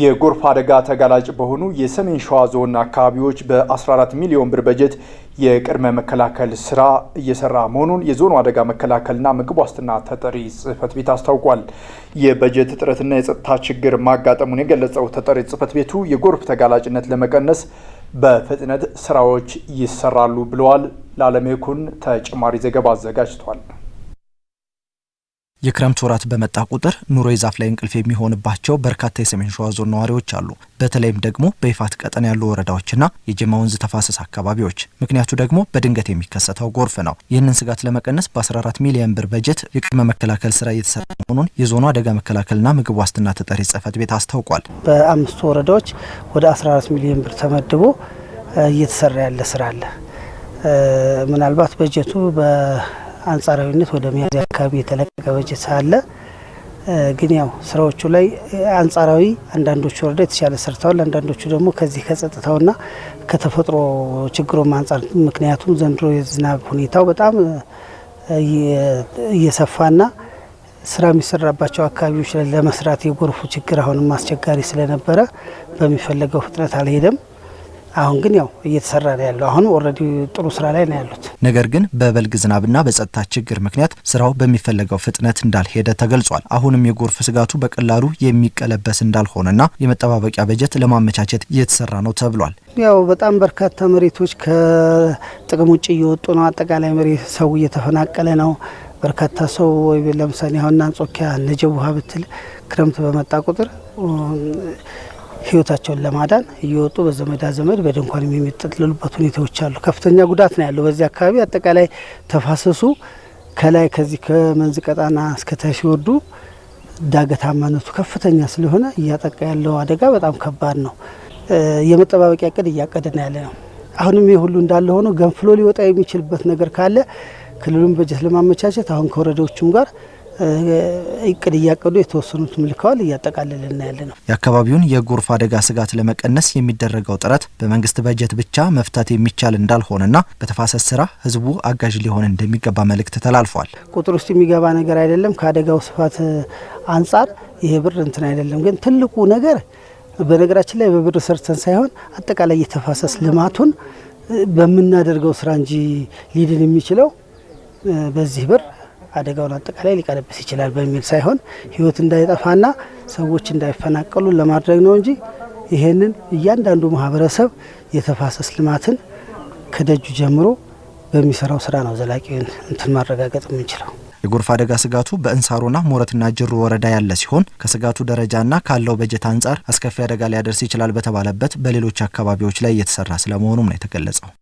የጎርፍ አደጋ ተጋላጭ በሆኑ የሰሜን ሸዋ ዞን አካባቢዎች በ14 ሚሊዮን ብር በጀት የቅድመ መከላከል ስራ እየሰራ መሆኑን የዞኑ አደጋ መከላከልና ምግብ ዋስትና ተጠሪ ጽህፈት ቤት አስታውቋል። የበጀት እጥረትና የጸጥታ ችግር ማጋጠሙን የገለጸው ተጠሪ ጽህፈት ቤቱ የጎርፍ ተጋላጭነት ለመቀነስ በፍጥነት ስራዎች ይሰራሉ ብለዋል። ለዓለሜኩን ተጨማሪ ዘገባ አዘጋጅቷል። የክረምት ወራት በመጣ ቁጥር ኑሮ የዛፍ ላይ እንቅልፍ የሚሆንባቸው በርካታ የሰሜን ሸዋ ዞን ነዋሪዎች አሉ። በተለይም ደግሞ በይፋት ቀጠን ያሉ ወረዳዎችና የጀማ ወንዝ ተፋሰስ አካባቢዎች። ምክንያቱ ደግሞ በድንገት የሚከሰተው ጎርፍ ነው። ይህንን ስጋት ለመቀነስ በ14 ሚሊዮን ብር በጀት የቅድመ መከላከል ስራ እየተሰራ መሆኑን የዞኑ አደጋ መከላከልና ምግብ ዋስትና ተጠሪ ጽህፈት ቤት አስታውቋል። በአምስቱ ወረዳዎች ወደ 14 ሚሊዮን ብር ተመድቦ እየተሰራ ያለ ስራ አለ። ምናልባት በጀቱ አንጻራዊነት ወደ ሚያዝያ አካባቢ የተለቀቀ በጀት አለ። ግን ያው ስራዎቹ ላይ አንጻራዊ አንዳንዶቹ ወረዳ የተሻለ ሰርተዋል። አንዳንዶቹ ደግሞ ከዚህ ከጸጥታውና ከተፈጥሮ ችግሩም አንጻር ምክንያቱም ዘንድሮ የዝናብ ሁኔታው በጣም እየሰፋና ስራ የሚሰራባቸው አካባቢዎች ላይ ለመስራት የጎርፉ ችግር አሁንም አስቸጋሪ ስለነበረ በሚፈለገው ፍጥነት አልሄደም። አሁን ግን ያው እየተሰራ ነው ያለው። አሁን ኦልሬዲ ጥሩ ስራ ላይ ነው ያሉት። ነገር ግን በበልግ ዝናብና በጸጥታ ችግር ምክንያት ስራው በሚፈለገው ፍጥነት እንዳልሄደ ተገልጿል። አሁንም የጎርፍ ስጋቱ በቀላሉ የሚቀለበስ እንዳልሆነና የመጠባበቂያ በጀት ለማመቻቸት እየተሰራ ነው ተብሏል። ያው በጣም በርካታ መሬቶች ከጥቅም ውጭ እየወጡ ነው። አጠቃላይ መሬት ሰው እየተፈናቀለ ነው። በርካታ ሰው ለምሳሌ አሁን አንጾኪያ ነጀብ ውሃ ብትል ክረምት በመጣ ቁጥር ህይወታቸውን ለማዳን እየወጡ በዘመዳ ዘመድ በድንኳን የሚጠለሉበት ሁኔታዎች አሉ። ከፍተኛ ጉዳት ነው ያለው በዚህ አካባቢ አጠቃላይ ተፋሰሱ ከላይ ከዚህ ከመንዝ ቀጣና እስከታች ሲወርዱ ዳገታማነቱ ከፍተኛ ስለሆነ እያጠቃ ያለው አደጋ በጣም ከባድ ነው። የመጠባበቂያ እቅድ እያቀድን ያለ ነው። አሁንም ይህ ሁሉ እንዳለ ሆኖ ገንፍሎ ሊወጣ የሚችልበት ነገር ካለ ክልሉን በጀት ለማመቻቸት አሁን ከወረዳዎቹም ጋር እቅድ እያቀዱ የተወሰኑት ምልከዋል እያጠቃልልና ያለ ነው። የአካባቢውን የጎርፍ አደጋ ስጋት ለመቀነስ የሚደረገው ጥረት በመንግስት በጀት ብቻ መፍታት የሚቻል እንዳልሆነና በተፋሰስ ስራ ህዝቡ አጋዥ ሊሆን እንደሚገባ መልእክት ተላልፏል። ቁጥር ውስጥ የሚገባ ነገር አይደለም። ከአደጋው ስፋት አንጻር ይሄ ብር እንትን አይደለም። ግን ትልቁ ነገር በነገራችን ላይ በብር ሰርተን ሳይሆን አጠቃላይ የተፋሰስ ልማቱን በምናደርገው ስራ እንጂ ሊድን የሚችለው በዚህ ብር አደጋውን አጠቃላይ ሊቀለብስ ይችላል በሚል ሳይሆን ህይወት እንዳይጠፋና ሰዎች እንዳይፈናቀሉ ለማድረግ ነው እንጂ ይሄንን እያንዳንዱ ማህበረሰብ የተፋሰስ ልማትን ከደጁ ጀምሮ በሚሰራው ስራ ነው ዘላቂውን እንትን ማረጋገጥ የምንችለው። የጎርፍ አደጋ ስጋቱ በእንሳሮና ሞረትና ጅሩ ወረዳ ያለ ሲሆን ከስጋቱ ደረጃና ካለው በጀት አንጻር አስከፊ አደጋ ሊያደርስ ይችላል በተባለበት በሌሎች አካባቢዎች ላይ እየተሰራ ስለመሆኑም ነው የተገለጸው።